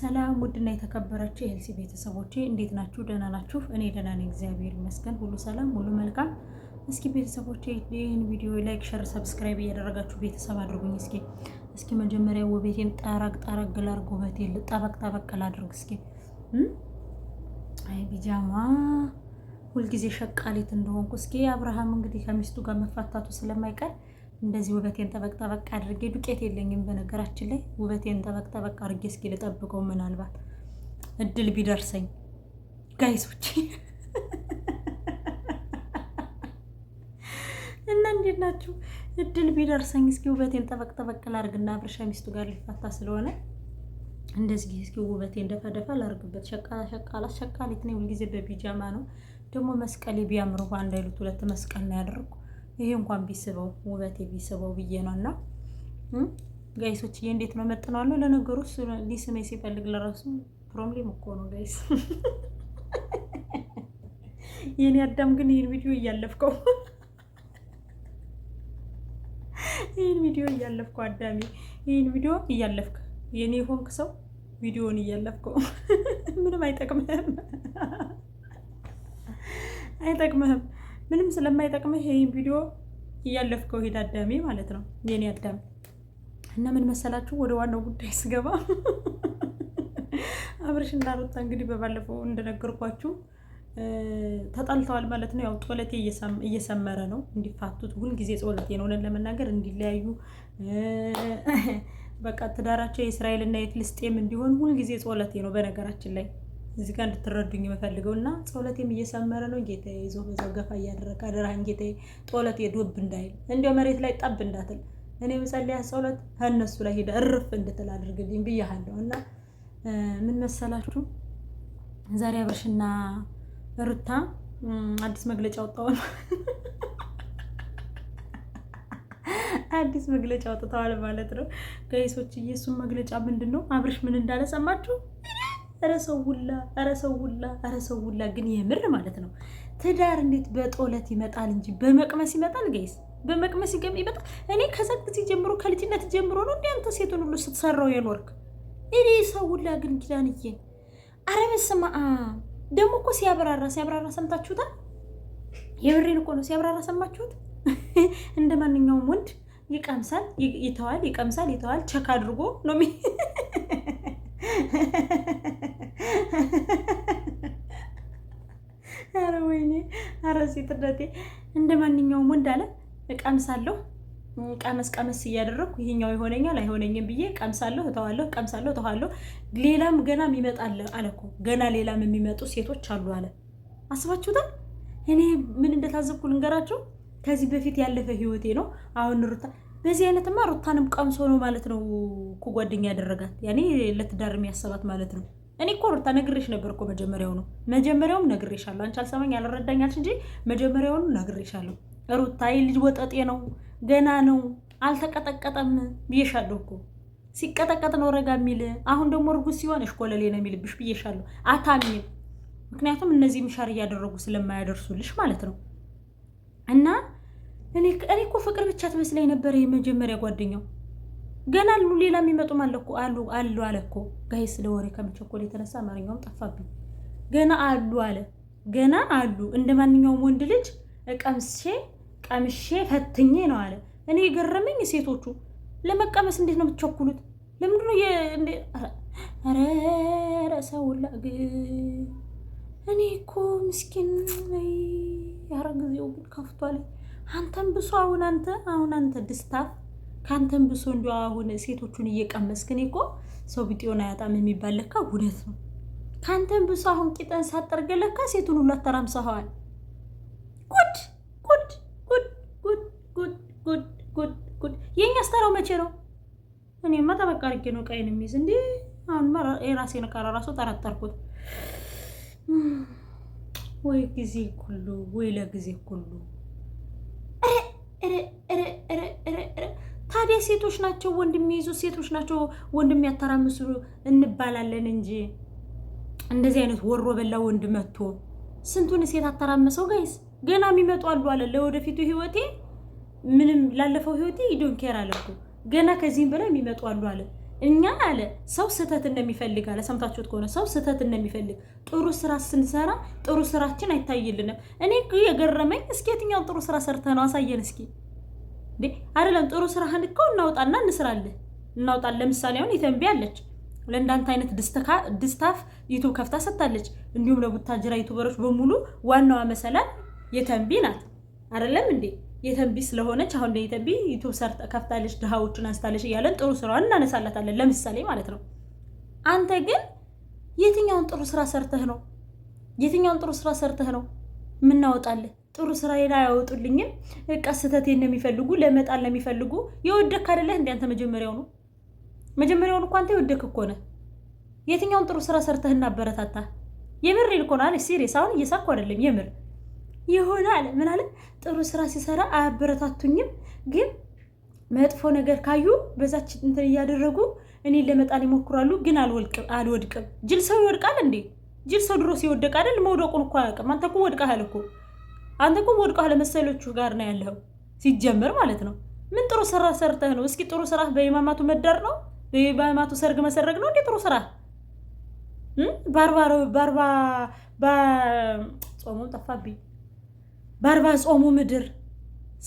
ሰላም ውድና የተከበራችሁ የኤልሲ ቤተሰቦቼ እንዴት ናችሁ? ደህና ናችሁ? እኔ ደህና ነኝ፣ እግዚአብሔር ይመስገን። ሁሉ ሰላም፣ ሁሉ መልካም። እስኪ ቤተሰቦቼ ይህን ቪዲዮ ላይክ፣ ሸር፣ ሰብስክራይብ እያደረጋችሁ ቤተሰብ አድርጉኝ። እስኪ እስኪ መጀመሪያ ውበቴን ጠረግ ጠረግ ላድርግ፣ ውበቴን ጠበቅ ጠበቅ ላድርግ። እስኪ አይ ቢጃማ ሁልጊዜ ሸቃሌት እንደሆንኩ እስኪ አብርሃም እንግዲህ ከሚስቱ ጋር መፋታቱ ስለማይቀር እንደዚህ ውበቴን ጠበቅ ጠበቅ አድርጌ ዱቄት የለኝም በነገራችን ላይ ውበቴን ጠበቅ ጠበቅ አድርጌ እስኪ ልጠብቀው ምናልባት እድል ቢደርሰኝ ጋይሶች እና እንዴት ናችሁ? እድል ቢደርሰኝ እስኪ ውበቴን ጠበቅ ጠበቅ ላርግና አብርሻ ሚስቱ ጋር ሊፋታ ስለሆነ እንደዚህ እስኪ ውበቴ ደፋደፋ ላርግበት። ሸቃላ ሸቃላ ሸቃሊት ነኝ። ሁልጊዜ በቢጃማ ነው ደግሞ መስቀሌ ቢያምር እንኳ እንዳይሉት ሁለት መስቀል ነው ያደርጉ ይሄ እንኳን ቢስበው ውበቴ ቢስበው ብዬ ነው እና ጋይሶች ይሄ እንዴት ነው መጥነዋለሁ። ለነገሩ ሊስሜ ሲፈልግ ለራሱ ፕሮብሌም እኮ ነው ጋይስ። የኔ አዳም ግን ይህን ቪዲዮ እያለፍከው ይህን ቪዲዮ እያለፍከው አዳሚ ይህን ቪዲዮ እያለፍክ የኔ ሆንክ ሰው ቪዲዮን እያለፍከው ምንም አይጠቅምህም አይጠቅምህም። ምንም ስለማይጠቅምህ ይህን ቪዲዮ እያለፍከው ሄድ አዳሜ ማለት ነው የኔ አዳሜ። እና ምን መሰላችሁ ወደ ዋናው ጉዳይ ስገባ አብርሽ እና እንግዲህ በባለፈው እንደነገርኳችሁ ተጣልተዋል ማለት ነው። ያው ጦለቴ እየሰመረ ነው እንዲፋቱት፣ ጊዜ ጦለቴ ነው ለን ለመናገር እንዲለያዩ በቃ ትዳራቸው የእስራኤልና የፍልስጤም እንዲሆን ጊዜ ጦለቴ ነው በነገራችን ላይ እዚህ ጋር እንድትረዱኝ የምፈልገው እና ጸሎቴም እየሰመረ ነው። ጌታ ይዞ በዛው ገፋ እያደረግ አደራህን ጌታ ጸሎት የዶብ እንዳይል እንዲያው መሬት ላይ ጠብ እንዳትል እኔ መጸለያ ጸሎት ከእነሱ ላይ ሄደ እርፍ እንድትል አድርግልኝ ብያሃለሁ። እና ምን መሰላችሁ ዛሬ አብርሽና ሩታ አዲስ መግለጫ አውጥተዋል። አዲስ መግለጫ አውጥተዋል ማለት ነው ጋይሶች እየሱን መግለጫ ምንድን ነው አብርሽ ምን እንዳለ ሰማችሁ? ኧረ ሰው ሁላ ኧረ ሰው ሁላ ኧረ ሰው ሁላ ግን የምር ማለት ነው። ትዳር እንዴት በጦለት ይመጣል እንጂ በመቅመስ ይመጣል ጋይስ፣ በመቅመስ ይመጣል። እኔ ከዛ ጊዜ ጀምሮ ከልጅነት ጀምሮ ነው እንዲያንተ ሴቱን ሁሉ ስትሰራው የኖርክ። እኔ ሰው ሁላ ግን ኪዳንዬ፣ ኧረ በስመ አብ ደግሞ እኮ ሲያብራራ ሲያብራራ ሰምታችሁታል። የምሬን እኮ ነው ሲያብራራ ሰማችሁት። እንደ ማንኛውም ወንድ ይቀምሳል፣ ይተዋል፣ ይቀምሳል፣ ይተዋል። ቸክ አድርጎ ነው ኧረ ሴትነቴ እንደ ማንኛውም ወንድ አለ እቀምሳለሁ ቀመስ ቀመስ እያደረግኩ ይሄኛው ይሆነኛል አይሆነኝም ብዬ ቀምሳለሁ፣ እተዋለሁ፣ ቀምሳለሁ፣ እተዋለሁ። ሌላም ገና የሚመጣል አለ እኮ ገና ሌላም የሚመጡ ሴቶች አሉ አለ። አስባችሁታል? እኔ ምን እንደታዘብኩ ልንገራችሁ። ከዚህ በፊት ያለፈ ህይወቴ ነው። አሁን ሩታ በዚህ አይነትማ ሩታንም ቀምሶ ነው ማለት ነው እኮ ጓደኛ ያደረጋት ያኔ ለትዳር የሚያሰባት ማለት ነው። እኔ እኮ ሩታ ነግሬሽ ነበር እኮ መጀመሪያው ነው መጀመሪያውም ነግሬሻለሁ። አንቺ አልሰማኝ ያልረዳኛልሽ እንጂ መጀመሪያውኑ ነግሬሻለሁ። ሩታ ልጅ ወጠጤ ነው ገና ነው አልተቀጠቀጠም ብዬሻለሁ እኮ ሲቀጠቀጥ ነው ረጋ የሚል አሁን ደግሞ እርጉዝ ሲሆን እሽኮለሌ ነው የሚልብሽ ብዬሻለሁ። አታሚም ምክንያቱም እነዚህ ምሻር እያደረጉ ስለማያደርሱልሽ ማለት ነው። እና እኔ እኮ ፍቅር ብቻ ትመስለኝ ነበር የመጀመሪያ ጓደኛው ገና አሉ ሌላ የሚመጡም አለ እኮ አሉ አሉ አለ እኮ ስለ ወሬ ከመቸኮል የተነሳ አማርኛውም ጠፋብኝ። ገና አሉ አለ ገና አሉ። እንደ ማንኛውም ወንድ ልጅ ቀምሼ ቀምሼ ፈትኜ ነው አለ። እኔ የገረመኝ ሴቶቹ ለመቀመስ እንዴት ነው የምትቸኩሉት? ለምንድን ነው ኧረ እኔ እኮ ምስኪን ያረ ጊዜው ከፍቷል። አንተን ብሶ አሁን አንተ አሁን አንተ ድስታፍ ካንተን ብሶ እንዲ አሁን ሴቶቹን እየቀመስክን እኮ ሰው ቢጤውን አያጣም የሚባል ለካ እውነት ነው። ከአንተም ብሶ አሁን ቂጠን ሳጠርገ ለካ ሴቱን ሁሉ አተራምሰኸዋል። ጉድ ጉድ ጉድ ጉድ ጉድ ጉድ ጉድ ጉድ የእኛ መቼ ነው? እኔማ ተበቃ አድርጌ ነው ቀይን የሚይዝ እንዴ። አሁንማ የራሴን ቃራ ራሱ ጠረጠርኩት። ወይ ጊዜ ኩሉ ወይ ለጊዜ ኩሉ ታዲያ ሴቶች ናቸው ወንድ የሚይዙ ሴቶች ናቸው ወንድ የሚያተራምሱ እንባላለን እንጂ እንደዚህ አይነት ወሮ በላ ወንድ መጥቶ ስንቱን ሴት አተራመሰው። ጋይስ ገና የሚመጡ አሉ አለ ለወደፊቱ ህይወቴ ምንም ላለፈው ህይወቴ ይዶን ኬር አለኩ ገና ከዚህም በላይ የሚመጡ አሉ አለ። እኛ አለ ሰው ስህተት እንደሚፈልግ አለ። ሰምታችሁት ከሆነ ሰው ስህተት እንደሚፈልግ ጥሩ ስራ ስንሰራ ጥሩ ስራችን አይታይልንም። እኔ የገረመኝ እስኪ የትኛውን ጥሩ ስራ ሰርተ ነው አሳየን እስኪ እንዴ አይደለም፣ ጥሩ ስራህን እኮ እናውጣና እንስራለን እናውጣን። ለምሳሌ አሁን የተንቢ አለች ለእንዳንተ አይነት ድስታፍ ዩቱብ ከፍታ ሰጥታለች። እንዲሁም ለቡታጅራ ዩቱበሮች በሙሉ ዋናዋ መሰላል የተንቢ ናት። አይደለም እንዴ የተንቢ ስለሆነች አሁን የተንቢ ዩቱብ ሰርተ ከፍታለች፣ ድሃዎቹን አንስታለች እያለን ጥሩ ስራዋን እናነሳላታለን። ለምሳሌ ማለት ነው። አንተ ግን የትኛውን ጥሩ ስራ ሰርተህ ነው የትኛውን ጥሩ ስራ ሰርተህ ነው እናወጣለን ጥሩ ስራ ላይ አያወጡልኝም። በቃ ስህተቴን የሚፈልጉ፣ ለመጣል ነው የሚፈልጉ። የወደክ አይደለህ እንደ አንተ መጀመሪያው ነው መጀመሪያውን እኮ አንተ የወደክ እኮ ነህ። የትኛውን ጥሩ ስራ ሰርተህ እናበረታታ? የምር ልኮና አለ ሲሪየስ። አሁን እየሳኩ አይደለም፣ የምር የሆነ አለ ምን አለ ጥሩ ስራ ሲሰራ አያበረታቱኝም፣ ግን መጥፎ ነገር ካዩ በዛች እንትን እያደረጉ እኔን ለመጣል ይሞክራሉ፣ ግን አልወድቅም ጅል ሰው ይወድቃል እንዴ? ጅል ሰው ድሮ ሲወደቅ አይደል? መውደቁን እኮ አያውቅም። አንተ እኮ ወድቀሃል እኮ አንተ እኮ ወድቀሃል መሰሎቹ ጋር ነው ያለው ሲጀምር ማለት ነው። ምን ጥሩ ስራ ሰርተህ ነው? እስኪ ጥሩ ስራ በኢማማቱ መዳር ነው? በኢማማቱ ሰርግ መሰረግ ነው እንዴ ጥሩ ስራ? ባርባ ጾሙም ጠፋብኝ። ባርባ ጾሙ ምድር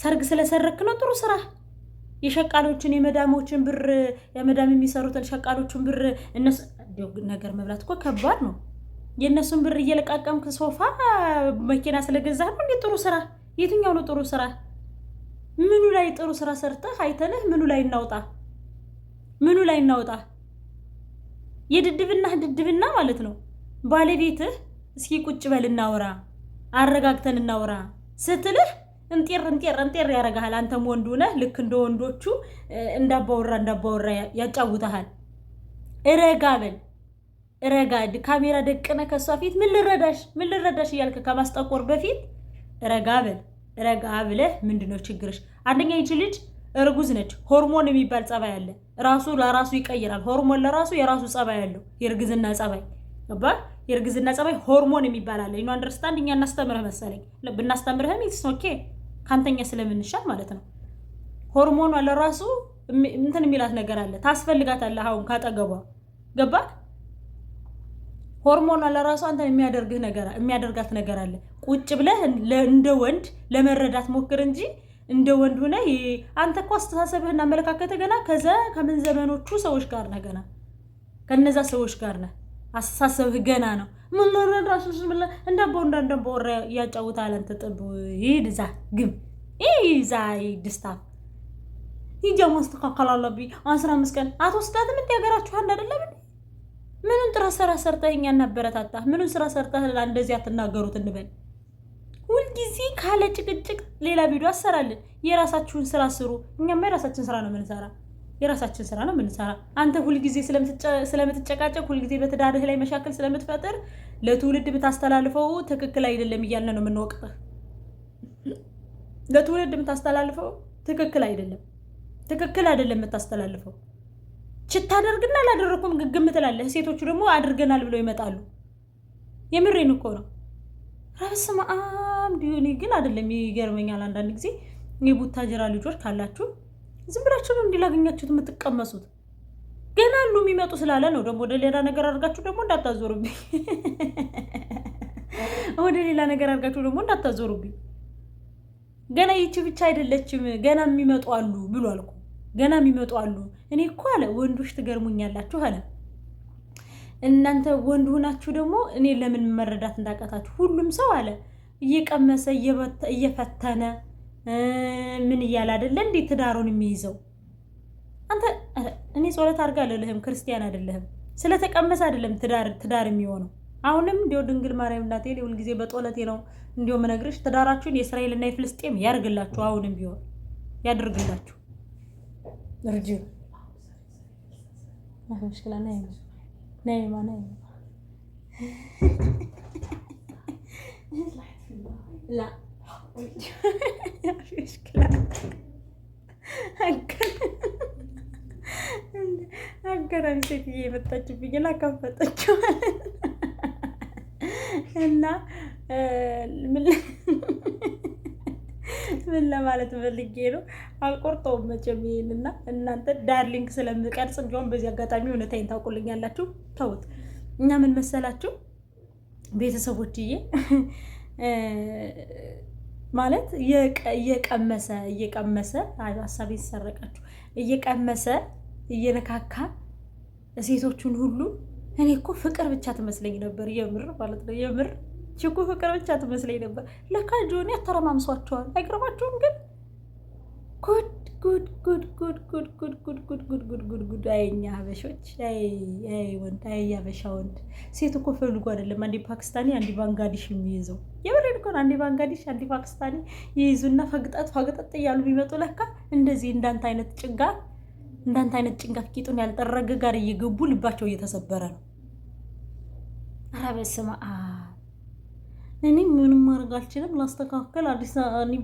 ሰርግ ስለሰረክ ነው ጥሩ ስራ? የሸቃሎችን የመዳሞችን ብር የመዳም የሚሰሩትን ሸቃሎችን ብር እነሱ ነገር መብላት እኮ ከባድ ነው። የእነሱን ብር እየለቃቀምክ ሶፋ መኪና ስለገዛህ ነው እንዴ? ጥሩ ስራ የትኛው ነው ጥሩ ስራ? ምኑ ላይ ጥሩ ስራ ሰርተህ አይተንህ? ምኑ ላይ እናውጣ? ምኑ ላይ እናውጣ? የድድብና ድድብና ማለት ነው። ባለቤትህ እስኪ ቁጭ በል እናውራ፣ አረጋግተን እናውራ ስትልህ እንጤር እንጤር እንጤር ያደርግሃል። አንተም ወንዱ ነህ። ልክ እንደ ወንዶቹ እንዳባወራ እንዳባወራ ያጫውተሃል። እረጋ በል ረጋድ ካሜራ ደቅነ ከሷ ፊት ምን ልረዳሽ ምን ልረዳሽ እያልክ ከማስጠቆር በፊት ረጋ በል ረጋ ብለህ ምንድነው ችግርሽ? አንደኛ ይቺ ልጅ እርጉዝ ነች። ሆርሞን የሚባል ጸባይ አለ። ራሱ ለራሱ ይቀይራል። ሆርሞን ለራሱ የራሱ ጸባይ አለው። የእርግዝና ጸባይ ባ የእርግዝና ጸባይ ሆርሞን የሚባል አለ። ዩ አንደርስታንድ። እኛ እናስተምርህ መሰለኝ። ብናስተምርህም ኢትስ ኦኬ ካንተኛ ስለምንሻል ማለት ነው። ሆርሞኗ ለራሱ እንትን የሚላት ነገር አለ። ታስፈልጋታለህ አሁን ካጠገቧ ገባ ሆርሞኗ ለራሱ አንተ የሚያደርግህ ነገር የሚያደርጋት ነገር አለ። ቁጭ ብለህ እንደ ወንድ ለመረዳት ሞክር እንጂ እንደ ወንድ ሆነ አንተ እኮ አስተሳሰብህና አመለካከትህ ገና ከዘ ከምን ዘመኖቹ ሰዎች ጋር ነህ። ገና ከነዛ ሰዎች ጋር ነህ። አስተሳሰብህ ገና ነው። ምን ራሱ እንደቦ እንደቦ ያጫውታል። አንተ ጥብ ይድዛ ግም ይዛ ድስታ ይጃ ማስተካከል አለብኝ። አስራ አምስት ቀን አቶ ስዳትም እንዲ ሀገራችሁ አንዳደ ስራ ስራ ሰርተህ እኛ እናበረታታህ። ምኑን ስራ ሰርተህ እንደዚህ አትናገሩት እንበል። ሁልጊዜ ካለ ጭቅጭቅ ሌላ ቪዲዮ አሰራለን። የራሳችሁን ስራ ስሩ። እኛማ የራሳችን ስራ ነው የምንሰራ የራሳችን ስራ ነው የምንሰራ። አንተ ሁልጊዜ ስለምትጨቃጨቅ ሁልጊዜ በትዳርህ ላይ መሻከል ስለምትፈጥር ለትውልድ ብታስተላልፈው ትክክል አይደለም እያልን ነው የምንወቅጥህ። ለትውልድ የምታስተላልፈው ትክክል አይደለም፣ ትክክል አይደለም የምታስተላልፈው ችታደርግና አላደረኩም ግግም ትላለህ። ሴቶቹ ደግሞ አድርገናል ብለው ይመጣሉ። የምሬን እኮ ነው። ረብስ ማም ዲሆኔ ግን አይደለም። ይገርመኛል አንዳንድ ጊዜ የቡታጀራ ልጆች ካላችሁ ዝም ብላችሁ ነው እንዲላገኛችሁት የምትቀመሱት። ገና አሉ የሚመጡ ስላለ ነው ደግሞ ወደ ሌላ ነገር አድርጋችሁ ደግሞ እንዳታዞሩብኝ፣ ወደ ሌላ ነገር አድርጋችሁ ደግሞ እንዳታዞሩብኝ። ገና ይቺ ብቻ አይደለችም፣ ገና የሚመጡ አሉ ብሎ አልኩ። ገና የሚመጡ አሉ። እኔ እኮ አለ ወንዶች ትገርሙኛላችሁ አለ። እናንተ ወንድ ሁናችሁ ደግሞ እኔ ለምን መረዳት እንዳቃታችሁ። ሁሉም ሰው አለ እየቀመሰ እየፈተነ ምን እያለ አደለ እንዴ ትዳሩን የሚይዘው? አንተ እኔ ጸሎት አድርጋ አልልህም፣ ክርስቲያን አይደለህም። ስለተቀመሰ አይደለም ትዳር የሚሆነው። አሁንም እንዲ ድንግል ማርያም እናቴ ሁል ጊዜ በጦለቴ ነው እንዲው መነግርሽ፣ ትዳራችሁን የእስራኤልና የፍልስጤም ያርግላችሁ። አሁንም ቢሆን ያደርግላችሁ። Rujuu mafi mshikila Naima, Naima, Naima la mafi mshikila አገራሚ ሴትዬ የመጣችብኝን አካበጠችው እና ምን ለማለት ፈልጌ ነው? አልቆርጠውም መቼም ይሄንና እናንተ ዳርሊንግ ስለምቀርጽ እንዲሁም በዚህ አጋጣሚ እውነታይን ታውቁልኛላችሁ። ተውት። እኛ ምን መሰላችሁ ቤተሰቦችዬ ማለት እየቀመሰ እየቀመሰ ሀሳቤ ተሰረቃችሁ እየቀመሰ እየነካካ ሴቶቹን ሁሉ እኔ እኮ ፍቅር ብቻ ትመስለኝ ነበር። የምር ማለት ነው የምር ችኩ ፍቅር ብቻ ትመስለኝ ነበር። ለካ ጆኒ አተረማምሷቸዋል። አይገርማችሁም ግን ጉድ ጉድ ጉድ ጉድ ጉድ ጉድ ጉድ ጉድ ጉድ ጉድ ጉድ ጉድ። አይ እኛ አይ ወንድ፣ አይ የሀበሻ ወንድ። ሴት እኮ ፈልጎ አይደለም አንዴ ፓኪስታኒ፣ አንዴ ባንጋዲሽ የሚይዘው የበረድ ኮን አንዴ ባንጋዲሽ፣ አንዴ ፓኪስታኒ ይይዙና ፈግጠጥ ፈግጠጥ እያሉ ቢመጡ ለካ እንደዚህ እንዳንተ አይነት ጭጋ እንዳንተ አይነት ጭንጋፍ ቂጡን ያልጠረገ ጋር እየገቡ ልባቸው እየተሰበረ ነው። ኧረ በስመ አብ እኔ ምንም ማድረግ አልችልም። ላስተካከል አዲስ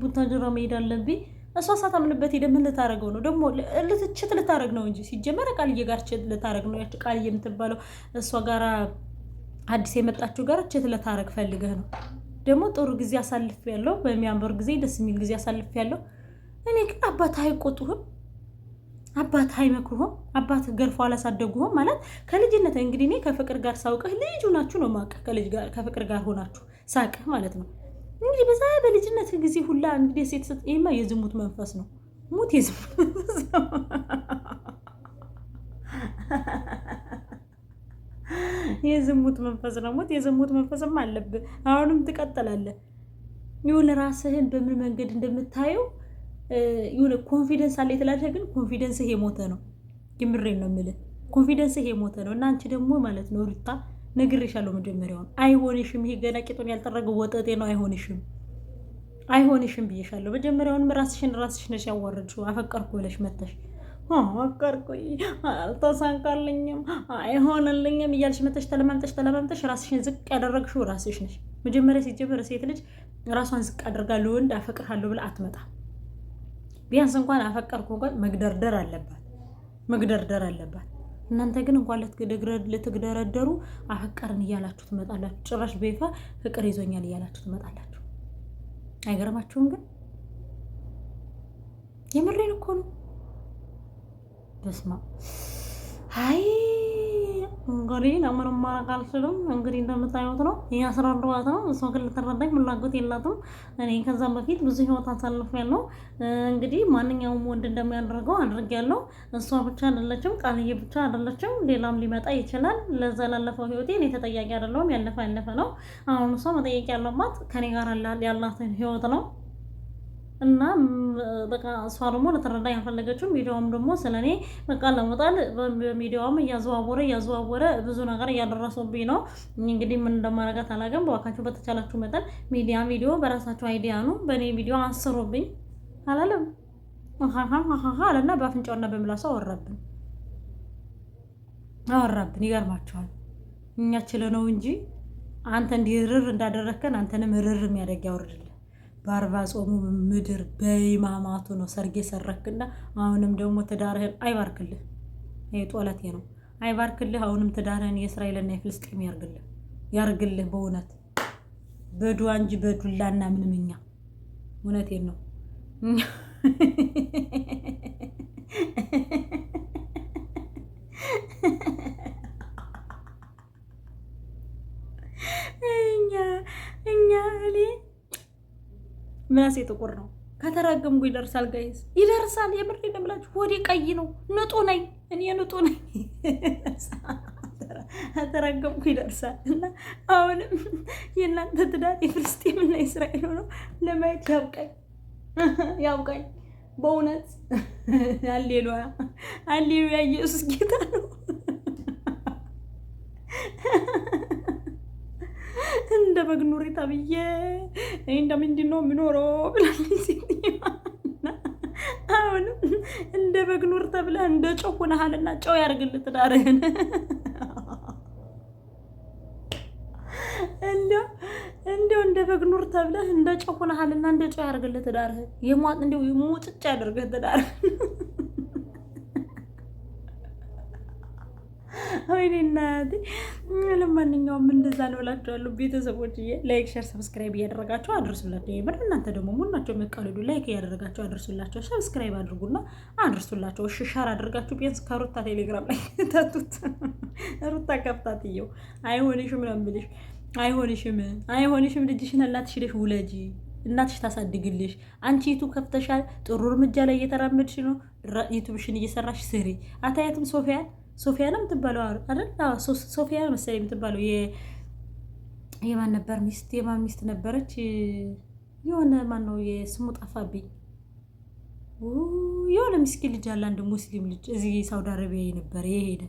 ቡታጅራ መሄድ አለብኝ። እሷ ሳታምንበት ሄደ ምን ልታደረገው ነው ደግሞ? ልትችት ልታደረግ ነው እንጂ ሲጀመር ቃልዬ ጋር ችት ልታደርግ ነው። ቃልዬ የምትባለው እሷ ጋራ አዲስ የመጣችው ጋር ችት ልታደርግ ፈልገህ ነው። ደግሞ ጥሩ ጊዜ አሳልፍ ያለው በሚያምር ጊዜ ደስ የሚል ጊዜ አሳልፍ ያለው። እኔ ግን አባት አይቆጡህም፣ አባት አይመክሩህም፣ አባት ገርፎ አላሳደጉህም ማለት ከልጅነት እንግዲህ እኔ ከፍቅር ጋር ሳውቅህ ልጅ ሆናችሁ ነው ማቀህ ከፍቅር ጋር ሆናችሁ ሳቅህ ማለት ነው እንግዲህ በዛ በልጅነት ጊዜ ሁላ እንግዲህ ሴት ሰጥ ይሄማ የዝሙት መንፈስ ነው። ሙት የዝሙት መንፈስ ነው። የዝሙት መንፈስ ነው። ሙት የዝሙት መንፈስም አለብህ። አሁንም ትቀጥላለህ። የሆነ ራስህን በምን መንገድ እንደምታየው የሆነ ኮንፊደንስ አለ የተላለ ግን ኮንፊደንስህ የሞተ ነው። የምሬን ነው የምልህ። ኮንፊደንስህ የሞተ ነው እና አንቺ ደግሞ ማለት ነው ሩታ ነግሬሻለሁ። መጀመሪያውን አይሆንሽም። ይሄ ገና ቂጡን ያልጠረገው ወጠጤ ነው። አይሆንሽም፣ አይሆንሽም ብዬሻለሁ። መጀመሪያውንም ራስሽን ራስሽ ነሽ ያዋረድሽው። አፈቀርኩ ብለሽ መተሽ አፈቀርኩኝ አልተሳካልኝም፣ አይሆንልኝም እያልሽ መተሽ ተለማምጠሽ ተለማምጠሽ ራስሽን ዝቅ ያደረግሽው ራስሽ ነሽ። መጀመሪያ ሲጀምር ሴት ልጅ ራሷን ዝቅ አድርጋ ለወንድ አፈቅርሃለሁ ብላ አትመጣም። ቢያንስ እንኳን አፈቀርኩ እንኳን መግደርደር አለባት፣ መግደርደር አለባት። እናንተ ግን እንኳን ልትግደረደሩ አፈቀርን እያላችሁ ትመጣላችሁ። ጭራሽ በይፋ ፍቅር ይዞኛል እያላችሁ ትመጣላችሁ። አይገርማችሁም? ግን የምሬን እኮ ነው። በስማ አይ እንግዲህ ለምንም ማድረግ አልችልም። እንግዲህ እንደምታዩት ነው እያስረዳኋት ነው። እሷ ግን ልትረዳኝ ፍላጎት የላትም። እኔ ከዛም በፊት ብዙ ህይወት አሳልፌያለሁ። እንግዲህ ማንኛውም ወንድ እንደሚያደርገው አድርጌያለሁ። እሷ ብቻ አይደለችም፣ ቃልዬ ብቻ አይደለችም፣ ሌላም ሊመጣ ይችላል። ለዛ ላለፈው ህይወቴ እኔ ተጠያቂ አይደለሁም። ያለፈ ያለፈ ነው። አሁን እሷ መጠየቅ ያለባት ከኔ ጋር ያላትን ህይወት ነው። እና በቃ እሷ ደግሞ ለተረዳ ያልፈለገችው ሚዲያውም ደግሞ ስለ እኔ በቃ ለመጣል በሚዲያውም እያዘዋወረ እያዘዋወረ ብዙ ነገር እያደረሰብኝ ነው። እንግዲህ ምን እንደማረጋት አላገም። በዋካችሁ በተቻላችሁ መጠን ሚዲያ ቪዲዮ በራሳችሁ አይዲያ ነው። በእኔ ቪዲዮ አስሩብኝ አላለም። አለና በአፍንጫውና በምላሱ አወራብን አወራብን። ይገርማቸዋል። እኛ ነው እንጂ አንተ እንዲህ ርር እንዳደረግከን አንተንም ርር የሚያደግ ያወርድልን። በአርባ ጾሙ ምድር በይማማቱ ነው ሰርጌ ሰረክና፣ አሁንም ደግሞ ትዳርህን አይባርክልህ። ይሄ ጦለቴ ነው። አይባርክልህ። አሁንም ትዳርህን የእስራኤልና የፍልስጤም ያርግልህ፣ ያርግልህ። በእውነት በዱዋ እንጂ በዱላና ምንምኛ እኛ እውነቴን ነው እኛ እኛ እኔ ምናሴ ጥቁር ነው። ከተረገምኩ ይደርሳል፣ ጋይዝ ይደርሳል። የምሬ ደምላችሁ ወዴ ቀይ ነው። ንጡ ነኝ እኔ ንጡ ነኝ። ከተረገምኩ ይደርሳል እና አሁንም የእናንተ ትዳር የፍልስጤም እና እስራኤል ሆነው ለማየት ያብቃኝ፣ ያብቃኝ በእውነት አሌሉያ፣ አሌሉያ። ኢየሱስ ጌታ ነው። እንደ በግ ኑሪ ተብዬ እኔ እንደምንድን ነው የምኖረው ብላለች ሴትዮዋ። አሁንም እንደ በግ ኑር ተብለህ እንደ ጨው ሆነሃልና ጨው ያደርግልህ ትዳርህን። እንዲያው እንደ በግ ኑር ተብለህ እንደ ጨው ሆነሃልና እንደ ጨው ያደርግልህ ትዳርህ። የሟጥ እንዲያው ሙጭጭ ያደርግህ ትዳርህን። ወይኔ እናቴ ለማንኛውም እንደዛ ነው እላችኋለሁ ቤተሰቦችዬ። ላይክ፣ ሸር፣ ሰብስክራይብ እያደረጋቸው አድርሱላቸው። የምር እናንተ ደግሞ ሙናቸው የሚቀልዱ ላይክ እያደረጋቸው አድርሱላቸው፣ ሰብስክራይብ አድርጉና አድርሱላቸው። እሺ ሸር አድርጋችሁ ቢያንስ ከሩታ ቴሌግራም ላይ ተቱት። ሩታ ከፍታት እየው አይሆንሽም ነው የምልሽ። አይሆንሽም አይሆንሽም። ልጅሽን እናትሽ ሄደሽ ውለጂ እናትሽ ታሳድግልሽ። አንቺ ዩቱብ ከፍተሻል፣ ጥሩ እርምጃ ላይ እየተራመድሽ ነው። ዩቱብሽን እየሰራሽ ስሪ። አታያትም ሶፊያን ሶፊያ ነው የምትባለው አይደል? ሶፊያ መሰለኝ የምትባለው የማን ነበር ሚስት የማን ሚስት ነበረች? የሆነ ማን ነው የስሙ ጠፋብኝ። የሆነ ምስኪን ልጅ አለ አንድ ሙስሊም ልጅ እዚህ ሳውዲ አረቢያ የነበረ የሄደ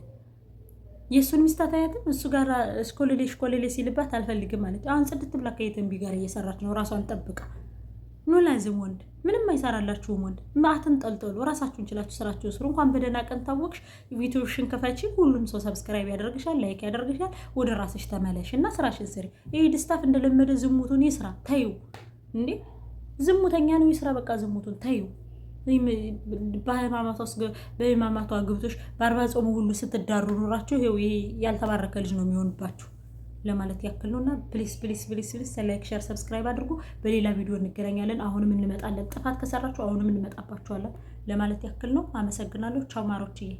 የእሱን ሚስት አታያትም? እሱ ጋር እስኮሌሌ እስኮሌሌ ሲልባት አልፈልግም ማለት አሁን ጽድት ብላ ከየተንቢ እየሰራች ነው ራሷን ጠብቃ ኖ ላዝም ወንድ ምንም አይሰራላችሁም። ወንድ ማትን ጠልጠሉ ራሳችሁን ችላችሁ ስራችሁ ስሩ። እንኳን በደህና ቀን ታወቅሽ። ዩቲዩብሽን ክፈቺ። ሁሉም ሰው ሰብስክራይብ ያደርግሻል፣ ላይክ ያደርግሻል። ወደ ራስሽ ተመለሽ እና ስራሽን ስሪ። ይህ ድስታፍ እንደለመደ ዝሙቱን ይስራ ተዩ። እንዴ ዝሙተኛ ነው ይስራ። በቃ ዝሙቱን ተዩ። በህማማቷ ግብቶች በአርባ ጾሙ ሁሉ ስትዳሩ ኑራችሁ ይሄ ያልተባረከ ልጅ ነው የሚሆንባችሁ። ለማለት ያክል ነው እና ፕሊስ ፕሊስ ፕሊስ ፕሊስ ላይክ፣ ሸር፣ ሰብስክራይብ አድርጉ። በሌላ ቪዲዮ እንገናኛለን። አሁንም እንመጣለን። ጥፋት ከሰራችሁ አሁንም እንመጣባችኋለን ለማለት ያክል ነው። አመሰግናለሁ። ቻው ማሮችዬ።